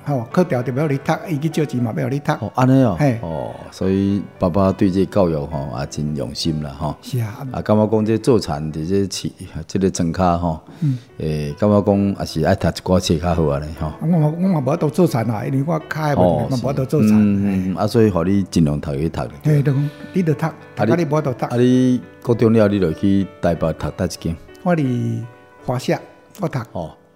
好去哦，課表就不要你讀，伊去借錢嘛不要你讀。哦，安尼哦，嘿，哦，所以爸爸對這個教育吼也真用心啦，哈、哦。是啊，啊，感覺講這個做餐就這起，這個存款吼，誒、這個，感、哦嗯欸、覺講也是愛讀一寡書較好咧，吼、哦。我我我嘛無喺度做餐啦。因為我開誒無咧，嘛無喺度做餐。嗯，欸、啊，所以乎你盡量讀去讀。對，都你都讀，讀到你無喺度讀。啊你高中了你就去台北讀讀一間。我佇華夏，我讀、哦。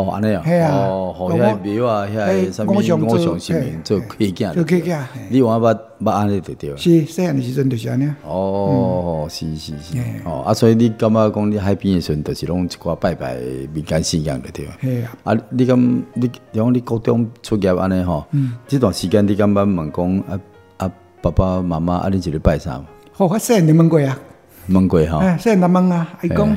哦，安尼啊！哦，好似比如話，喺上面我我上上面做契仔，做契仔，你話不不安呢條條？是細人嘅時陣就是安尼。哦，是是是。哦，啊，所以你咁樣講，你海邊嘅時陣，就是攏一寡拜拜民間信仰嗰啲。係啊。啊，你咁，你點講？你高中出業安尼嗬？嗯。這段時間你咁樣問講，阿阿爸爸媽媽，阿你就去拜神。好，我細人你問過啊？問過嗬？誒，細人難問啊，阿公。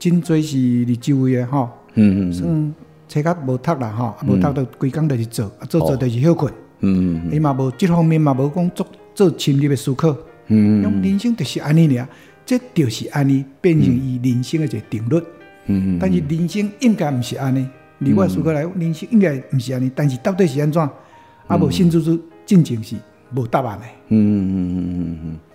真多是佇周圍嘅吼，算差較無讀啦吼，無讀就規工就是做，啊做做就是休困，你嘛無這方面嘛無工作做深入嘅思考，人生就是安尼㖏，這就是安尼變成伊人生嘅一個定律，但是人生應該唔是安尼，你我思考來講，人生應該唔是安尼，但是到底是安怎，啊無新珠是進前是無答案嗯。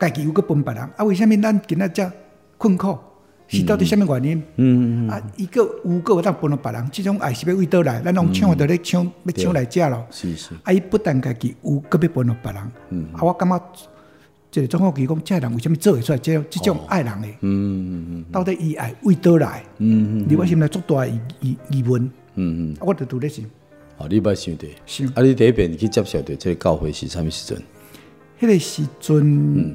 家己有個分別人，啊！為什咪？咱今仔則困苦，是到底什咪原因？啊！伊個有個有當分到別人，即種愛是要為倒來，咱講搶着咧搶，要搶來食咯。是是啊！伊不但家己有，擱要分到別人。啊！我感覺即係總括嚟講，這人為什咪做會出來？即係即種愛人嘅。嗯嗯嗯。到底伊愛為倒來。嗯嗯嗯。喺我心內足大的疑疑問。嗯嗯。我哋都喺想。好，你唔想收啊！你第一遍去接受着，即個教會是什咪時陣？迄個時陣。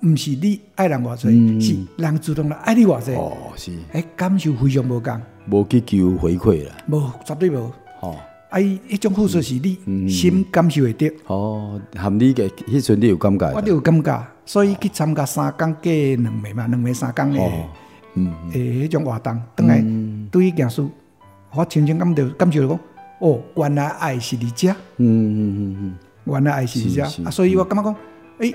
唔是你愛人話做，是人主動來愛你話做。哦，是，誒，感受非常唔同。冇去求回饋啦，冇，絕對冇。哦，啊，迄種付出是你心感受會到。哦，合你嘅，迄陣你有感覺。我有感覺，所以去參加三講加兩面嘛，兩面三講的。嗯，誒，迄種活動，當來對件事，我深深感到感受，講，哦，原來愛是你遮。嗯嗯嗯嗯，原來愛是你遮。啊，所以我感覺講，誒。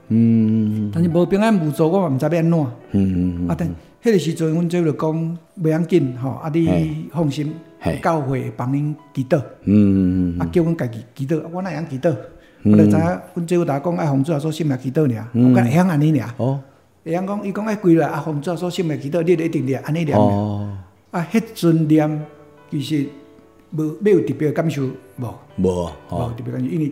嗯，但是無平安無做，我嘛毋知欲安怎嗯。嗯，啊，但迄個時陣阮姐夫就講袂要緊，嗬、啊，你放心，嘿教會幫恁祈禱。嗯，嗯啊叫阮家己祈禱、啊，我哪樣祈禱嗯，我就知影阮姐夫多逐阿講，阿方志浩所信係祈禱嗯，嚟啊，我係響安尼嚟啊。哦，會響講伊講要歸來，阿方志浩所信係祈禱，你一定要安尼念。哦，啊，迄陣念其實無，冇有特別嘅感受，無，無，啊，冇特別感受，因為。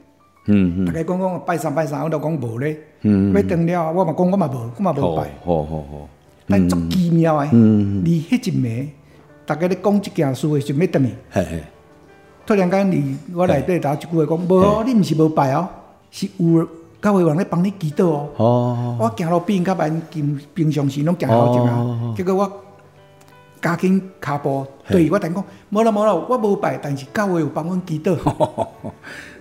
嗯，大家講講，拜三拜三，我哋講無咧。嗯，拜神了，我嘛講，我嘛無，我嘛無拜。好，好好好。但係足奇妙嘅，你一陣，大家咧講一件事嘅就咩咁嘅。係係。突然間你我內底頭一句話講，無，你唔係無拜哦，是有教會有人咧幫你祈禱哦。嗯，我行路比人家平平常時攞行好遠啊，結果我加緊腳步對我講，冇啦冇啦，我冇拜，但是教會有幫我祈禱。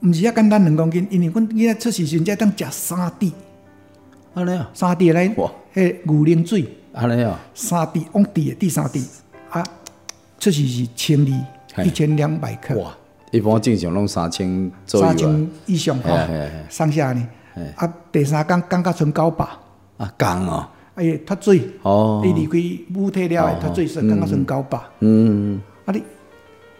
唔是遐簡單兩公斤，因為阮伊啊出世時陣，才通食三滴，安尼啊，三滴來，迄牛奶水，安尼啊，三滴，往底嘅第三滴，啊，出世是千二，一千兩百克，哇，一般正常攏三千左右，三千以上，上下呢，啊，第三工剛剛從九百啊缸哦，哎呀脫水，哦，伊離開母體了嘅脫水是剛剛從九百。嗯，啊你。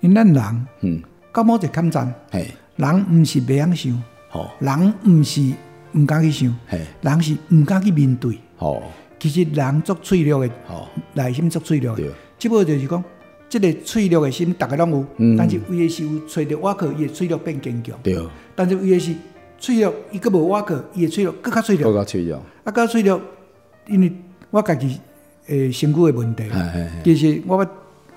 因咱人，嗯，搞某只抗戰，嘿，人唔是袂樣想，人唔是唔敢去想，人是唔敢去面對，其實人作脆弱的，內心作脆弱嘅，即部就是講，即個脆弱的心，大家攏有，但是，有的是有找到外殼，伊的脆弱變堅強，但是，有的是脆弱，伊閣無外殼，伊嘅脆弱更加脆弱，更加脆弱，因為我家己誒身軀的問題，其實我。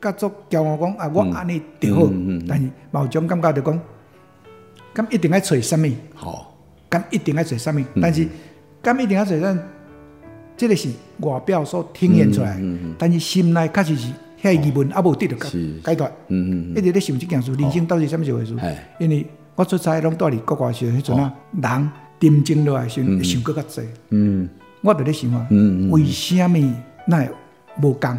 甲族叫我講啊我安尼著好，但是某種感覺著講，咁一定愛揣什麼？咁一定愛揣什麼？但是咁一定愛揣咱，即個是外表所體現出來，但是心內確實是迄疑問阿無得去解決。一直咧想即件事，人生到底係咩一回事？因為我出差，攏蹛佇國外時，迄陣啊，人沉靜落來先想佫較濟。我著咧想啊，為咩那會無共？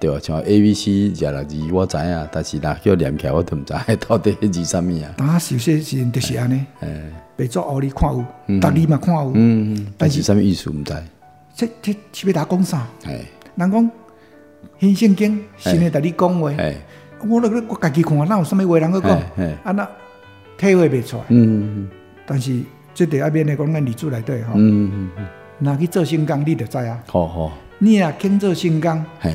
對，像 A、B、C 廿六字我知影。但是嗱叫連起來我都毋知到底是啥物啊。打小說時著是安尼？誒，俾作奧利看有，達你嘛看有。嗯嗯。但是啥物意思毋知。即即是要打講啥？誒，人講很正經，先喺甲你講話。誒，我我家己看，那有啥物話人去講？誒，啊，那體會唔出來。嗯嗯。但是即啲要邊嘅講咱例子內底吼。嗯嗯嗯。那去做新工，你著知啊。好好。你若肯做新工。嘿。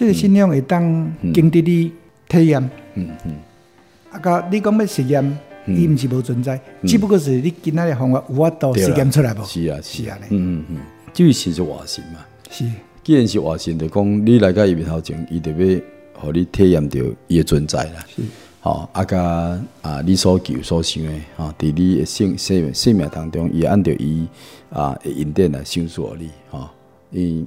即個、嗯、信仰會當經歷你體驗，嗯嗯嗯、啊個你講要實驗，伊毋、嗯、是無存在，嗯、只不過是你今仔日嘅方法有法度實驗出來？不，是啊，是啊，嗯、啊啊、嗯，就、嗯嗯、是事實話事嘛。是、啊，既然是話事，就講你來到伊面頭前，伊就要互你體驗到伊的存在啦。好、啊啊，啊個啊你所求所想嘅，啊喺你生生生命當中，伊按照伊啊引電來顯示互你，啊，嗯。